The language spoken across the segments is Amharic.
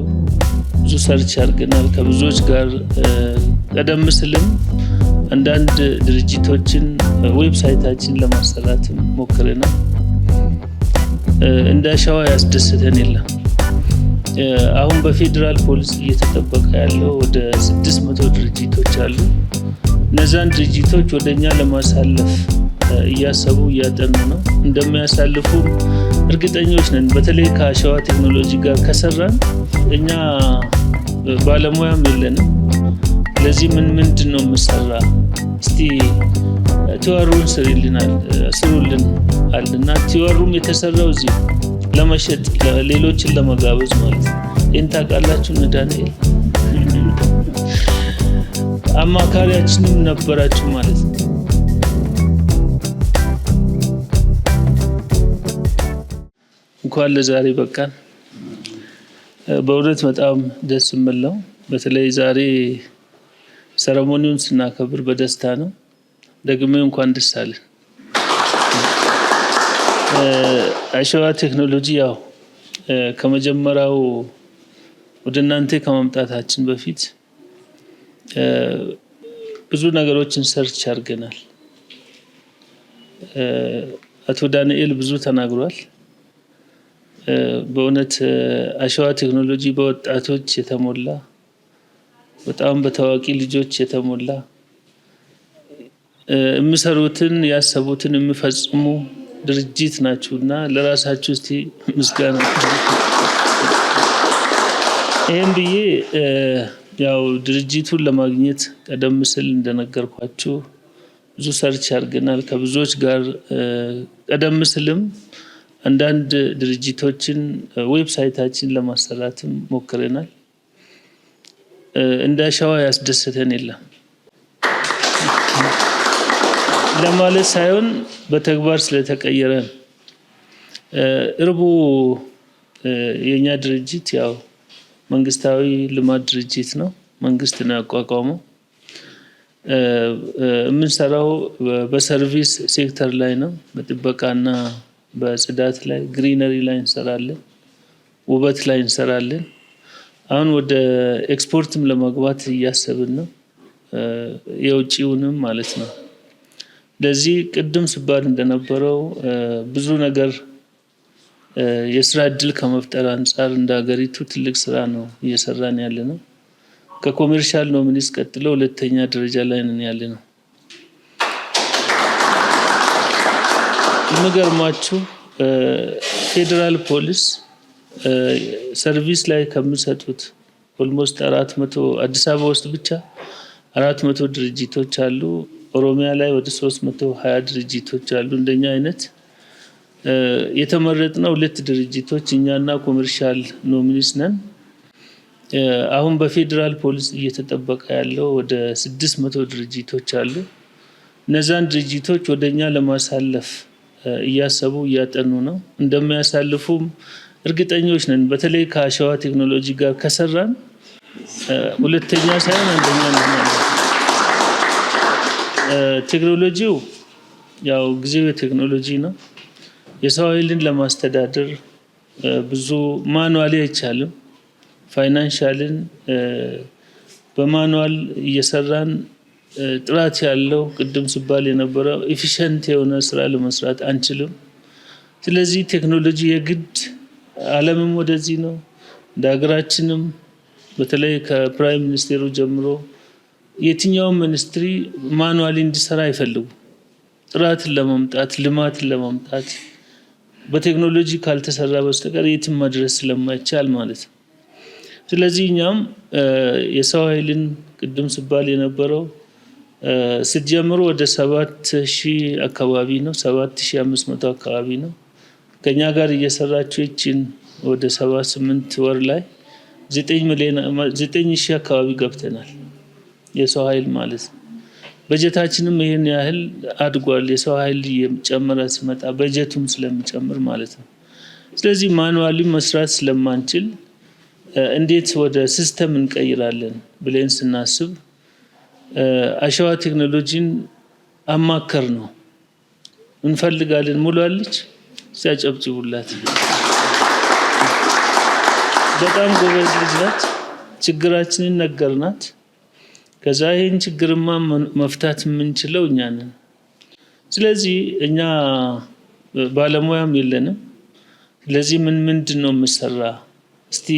አላችሁ። ብዙ ሰርች አድርገናል ከብዙዎች ጋር። ቀደም ስልም አንዳንድ ድርጅቶችን ዌብሳይታችን ለማሰራት ሞክረናል። እንደ አሸዋ ያስደስተን የለም። አሁን በፌዴራል ፖሊስ እየተጠበቀ ያለው ወደ ስድስት መቶ ድርጅቶች አሉ። እነዛን ድርጅቶች ወደ ለማሳለፍ እያሰቡ እያጠኑ ነው እንደሚያሳልፉ እርግጠኞች ነን። በተለይ ከአሸዋ ቴክኖሎጂ ጋር ከሰራን እኛ ባለሙያም የለንም። ለዚህ ምን ምንድን ነው የምሰራ እስቲ ቲዋሩን ስሩልን አልና ቲዋሩም የተሰራው እዚህ ለመሸጥ ሌሎችን ለመጋበዝ ማለት ነው። ይህን ታውቃላችሁ እነ ዳንኤል አማካሪያችንም ነበራችሁ ማለት ነው። እንኳን ለዛሬ በቃን። በእውነት በጣም ደስ የሚል ነው። በተለይ ዛሬ ሰረሞኒውን ስናከብር በደስታ ነው። ደግሜ እንኳን ደስ አለን። አሸዋ ቴክኖሎጂ ያው ከመጀመሪያው ወደ እናንተ ከማምጣታችን በፊት ብዙ ነገሮችን ሰርች አድርገናል። አቶ ዳንኤል ብዙ ተናግሯል። በእውነት አሸዋ ቴክኖሎጂ በወጣቶች የተሞላ በጣም በታዋቂ ልጆች የተሞላ የምሰሩትን ያሰቡትን የምፈጽሙ ድርጅት እና ለራሳችሁ እስቲ ምስጋና ይህም ብዬ ያው ድርጅቱን ለማግኘት ቀደም ምስል እንደነገርኳችሁ ብዙ ሰርች አድርገናል ከብዙዎች ጋር ቀደም ሲልም አንዳንድ ድርጅቶችን ዌብሳይታችን ለማሰራትም ሞክረናል። እንደ አሸዋ ያስደሰተን የለም ለማለት ሳይሆን በተግባር ስለተቀየረ እርቡ የእኛ ድርጅት ያው መንግስታዊ ልማት ድርጅት ነው። መንግስት ነው ያቋቋመው። የምንሰራው በሰርቪስ ሴክተር ላይ ነው፣ በጥበቃና በጽዳት ላይ ግሪነሪ ላይ እንሰራለን። ውበት ላይ እንሰራለን። አሁን ወደ ኤክስፖርትም ለመግባት እያሰብን ነው። የውጭውንም ማለት ነው። ለዚህ ቅድም ስባል እንደነበረው ብዙ ነገር የስራ እድል ከመፍጠር አንጻር እንደ ሀገሪቱ ትልቅ ስራ ነው እየሰራን ያለ ነው። ከኮሜርሻል ኖሚኒስ ቀጥሎ ሁለተኛ ደረጃ ላይ ያለ ነው። የምገርማችሁ ፌዴራል ፖሊስ ሰርቪስ ላይ ከሚሰጡት ኦልሞስት አራት መቶ አዲስ አበባ ውስጥ ብቻ አራት መቶ ድርጅቶች አሉ። ኦሮሚያ ላይ ወደ ሶስት መቶ ሀያ ድርጅቶች አሉ። እንደኛ አይነት የተመረጥነው ሁለት ድርጅቶች እኛና ኮመርሻል ኖሚኒስ ነን። አሁን በፌዴራል ፖሊስ እየተጠበቀ ያለው ወደ ስድስት መቶ ድርጅቶች አሉ። እነዛን ድርጅቶች ወደ እኛ ለማሳለፍ እያሰቡ እያጠኑ ነው። እንደሚያሳልፉም እርግጠኞች ነን። በተለይ ከአሸዋ ቴክኖሎጂ ጋር ከሰራን ሁለተኛ ሳይሆን አንደኛ እንሆናለን። ቴክኖሎጂው ያው ጊዜው የቴክኖሎጂ ነው። የሰው ኃይልን ለማስተዳደር ብዙ ማኑዋል አይቻልም። ፋይናንሻልን በማኑዋል እየሰራን ጥራት ያለው ቅድም ሲባል የነበረ ኤፊሸንት የሆነ ስራ ለመስራት አንችልም። ስለዚህ ቴክኖሎጂ የግድ ዓለምም ወደዚህ ነው እንደ ሀገራችንም በተለይ ከፕራይም ሚኒስቴሩ ጀምሮ የትኛውም ሚኒስትሪ ማኑዋሊ እንዲሰራ አይፈልጉም። ጥራትን ለማምጣት ልማትን ለማምጣት በቴክኖሎጂ ካልተሰራ በስተቀር የትም መድረስ ስለማይቻል ማለት ነው። ስለዚህ እኛም የሰው ኃይልን ቅድም ሲባል የነበረው ስትጀምሩ ወደ ሰባት ሺህ አካባቢ ነው፣ ሰባት ሺህ አምስት መቶ አካባቢ ነው። ከኛ ጋር እየሰራችሁ ይችን ወደ ሰባ ስምንት ወር ላይ ዘጠኝ ሺህ አካባቢ ገብተናል። የሰው ኃይል ማለት ነው። በጀታችንም ይህን ያህል አድጓል። የሰው ኃይል እየጨመረ ሲመጣ በጀቱም ስለሚጨምር ማለት ነው። ስለዚህ ማኑዋሊ መስራት ስለማንችል እንዴት ወደ ሲስተም እንቀይራለን ብለን ስናስብ አሸዋ ቴክኖሎጂን አማከር ነው እንፈልጋለን ሙሏለች። ሲያጨብጭቡላት በጣም ጎበዝ ልጅ ናት። ችግራችንን ነገርናት። ከዛ ይህን ችግርማ መፍታት የምንችለው እኛ ነን። ስለዚህ እኛ ባለሙያም የለንም። ስለዚህ ምን ምንድን ነው የምሰራ እስቲ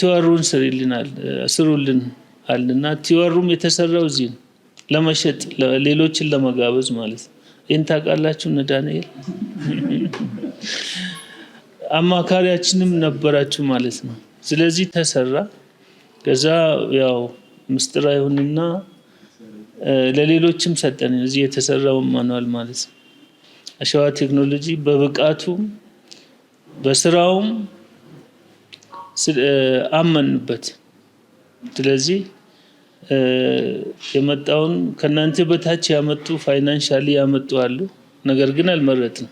ተዋሩን ስሪልናል ስሩልን አለና ቲወሩም የተሰራው እዚህ ነው፣ ለመሸጥ ሌሎችን ለመጋበዝ ማለት ነው። ይህን ታውቃላችሁ እነ ዳንኤል አማካሪያችንም ነበራችሁ ማለት ነው። ስለዚህ ተሰራ። ከዛ ያው ምስጢር አይሁንና ለሌሎችም ሰጠን። እዚህ የተሰራው ማኗል ማለት ነው። አሸዋ ቴክኖሎጂ በብቃቱም በስራውም አመንበት። ስለዚህ የመጣውን ከእናንተ በታች ያመጡ ፋይናንሻሊ ያመጡ አሉ። ነገር ግን አልመረጥንም።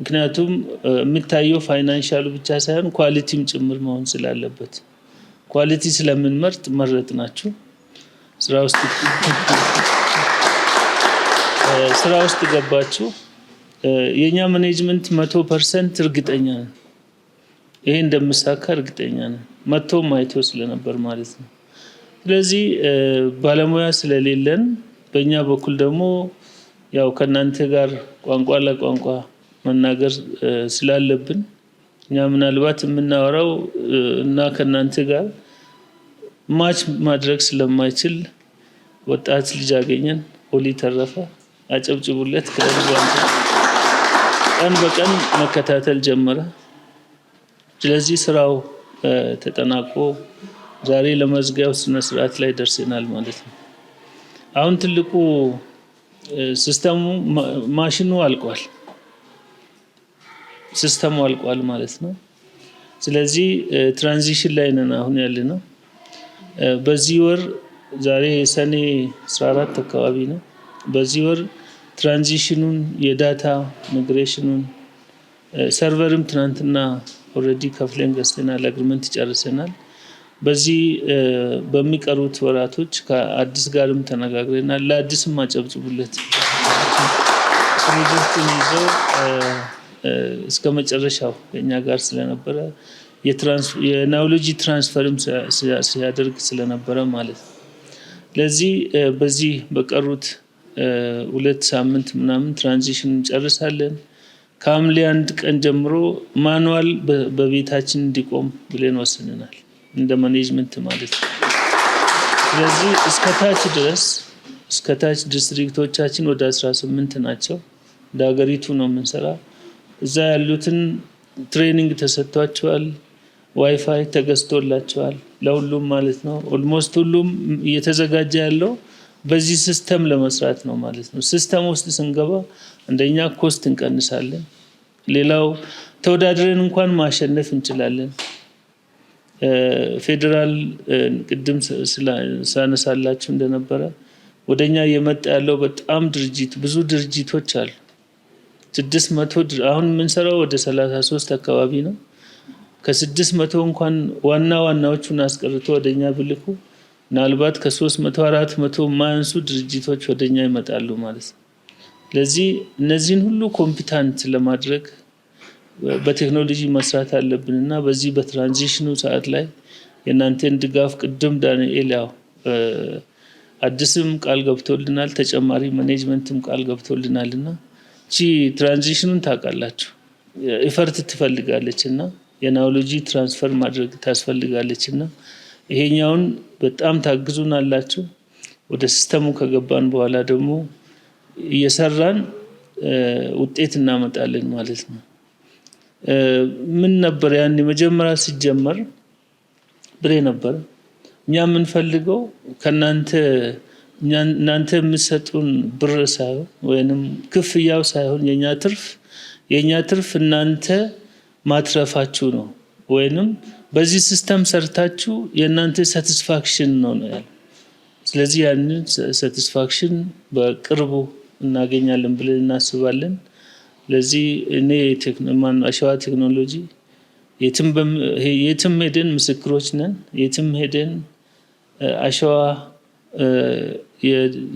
ምክንያቱም የሚታየው ፋይናንሻሉ ብቻ ሳይሆን ኳሊቲም ጭምር መሆን ስላለበት ኳሊቲ ስለምንመርጥ መረጥ ናቸው። ስራ ውስጥ ስራ ውስጥ ገባችሁ። የእኛ ማኔጅመንት መቶ ፐርሰንት እርግጠኛ ነን፣ ይሄ እንደምሳካ እርግጠኛ ነን። መጥቶም አይቶ ስለነበር ማለት ነው። ስለዚህ ባለሙያ ስለሌለን በእኛ በኩል ደግሞ ያው ከእናንተ ጋር ቋንቋ ለቋንቋ መናገር ስላለብን እኛ ምናልባት የምናወራው እና ከእናንተ ጋር ማች ማድረግ ስለማይችል ወጣት ልጅ አገኘን። ሆሊ ተረፈ፣ አጨብጭቡለት። ቀን በቀን መከታተል ጀመረ። ስለዚህ ስራው ተጠናቆ ዛሬ ለመዝጊያው ስነ ስርዓት ላይ ደርሰናል ማለት ነው። አሁን ትልቁ ሲስተሙ ማሽኑ አልቋል፣ ሲስተሙ አልቋል ማለት ነው። ስለዚህ ትራንዚሽን ላይ ነን አሁን ያለ ነው። በዚህ ወር ዛሬ ሰኔ 14 አካባቢ ነው። በዚህ ወር ትራንዚሽኑን የዳታ ሚግሬሽኑን ሰርቨርም ትናንትና ኦልሬዲ ከፍለን ገዝተናል፣ አግሪመንት ጨርሰናል። በዚህ በሚቀሩት ወራቶች ከአዲስ ጋርም ተነጋግረናል። ለአዲስም አጨብጭቡለት ፕሮጀክቱን ይዘው እስከ መጨረሻው ከእኛ ጋር ስለነበረ የናውሎጂ ትራንስፈርም ሲያደርግ ስለነበረ ማለት ነው። ለዚህ በዚህ በቀሩት ሁለት ሳምንት ምናምን ትራንዚሽን እንጨርሳለን። ከሐምሌ አንድ ቀን ጀምሮ ማኑዋል በቤታችን እንዲቆም ብለን ወስንናል። እንደ ማኔጅመንት ማለት ነው። ስለዚህ እስከታች ድረስ እስከታች ዲስትሪክቶቻችን ወደ 18 ናቸው። እንደ ሀገሪቱ ነው የምንሰራ። እዛ ያሉትን ትሬኒንግ ተሰጥቷቸዋል። ዋይፋይ ተገዝቶላቸዋል ለሁሉም ማለት ነው። ኦልሞስት ሁሉም እየተዘጋጀ ያለው በዚህ ሲስተም ለመስራት ነው ማለት ነው። ሲስተም ውስጥ ስንገባ አንደኛ ኮስት እንቀንሳለን። ሌላው ተወዳድረን እንኳን ማሸነፍ እንችላለን። ፌዴራል ቅድም ሳነሳላችሁ እንደነበረ ወደኛ እየመጣ የመጣ ያለው በጣም ድርጅት ብዙ ድርጅቶች አሉ። ስድስት መቶ አሁን የምንሰራው ወደ ሰላሳ ሶስት አካባቢ ነው። ከስድስት መቶ እንኳን ዋና ዋናዎቹን አስቀርቶ ወደኛ ብልኩ ምናልባት ከሶስት መቶ አራት መቶ የማያንሱ ድርጅቶች ወደኛ ይመጣሉ ማለት ነው። ስለዚህ እነዚህን ሁሉ ኮምፒታንት ለማድረግ በቴክኖሎጂ መስራት አለብን እና በዚህ በትራንዚሽኑ ሰዓት ላይ የእናንተን ድጋፍ ቅድም ዳንኤል ያው አዲስም ቃል ገብቶልናል፣ ተጨማሪ ማኔጅመንትም ቃል ገብቶልናል እና ቺ ትራንዚሽኑን ታውቃላችሁ ኢፈርት ትፈልጋለች እና የናውሎጂ ትራንስፈር ማድረግ ታስፈልጋለች እና ይሄኛውን በጣም ታግዙን አላችሁ። ወደ ሲስተሙ ከገባን በኋላ ደግሞ እየሰራን ውጤት እናመጣለን ማለት ነው። ምን ነበር ያን መጀመሪያ ሲጀመር ብሬ ነበር። እኛ የምንፈልገው ከእናንተ እናንተ የምትሰጡን ብር ሳይሆን ወይም ክፍያው ሳይሆን የእኛ ትርፍ የእኛ ትርፍ እናንተ ማትረፋችሁ ነው። ወይንም በዚህ ሲስተም ሰርታችሁ የእናንተ ሳቲስፋክሽን ነው ነው ያለ። ስለዚህ ያንን ሳቲስፋክሽን በቅርቡ እናገኛለን ብለን እናስባለን። ለዚህ እኔ አሸዋ ቴክኖሎጂ የትም ሄደን ምስክሮች ነን። የትም ሄደን አሸዋ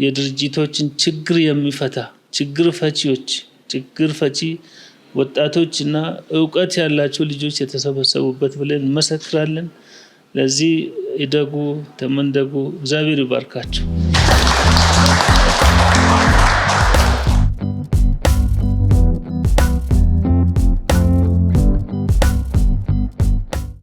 የድርጅቶችን ችግር የሚፈታ ችግር ፈቺዎች ችግር ፈቺ ወጣቶች እና እውቀት ያላቸው ልጆች የተሰበሰቡበት ብለን እንመሰክራለን። ለዚህ ይደጉ፣ ተመንደጉ። እግዚአብሔር ይባርካቸው።